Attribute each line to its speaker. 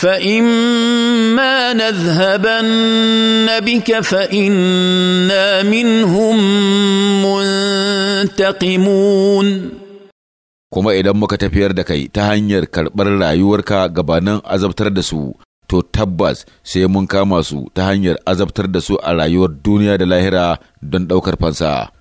Speaker 1: فإما نذهبن بك فإنا منهم منتقمون
Speaker 2: kuma idan muka tafiyar da kai ta hanyar karɓar rayuwarka gabanin azabtar da su to tabbas sai mun kama su ta hanyar azabtar da su a rayuwar duniya da lahira don ɗaukar fansa.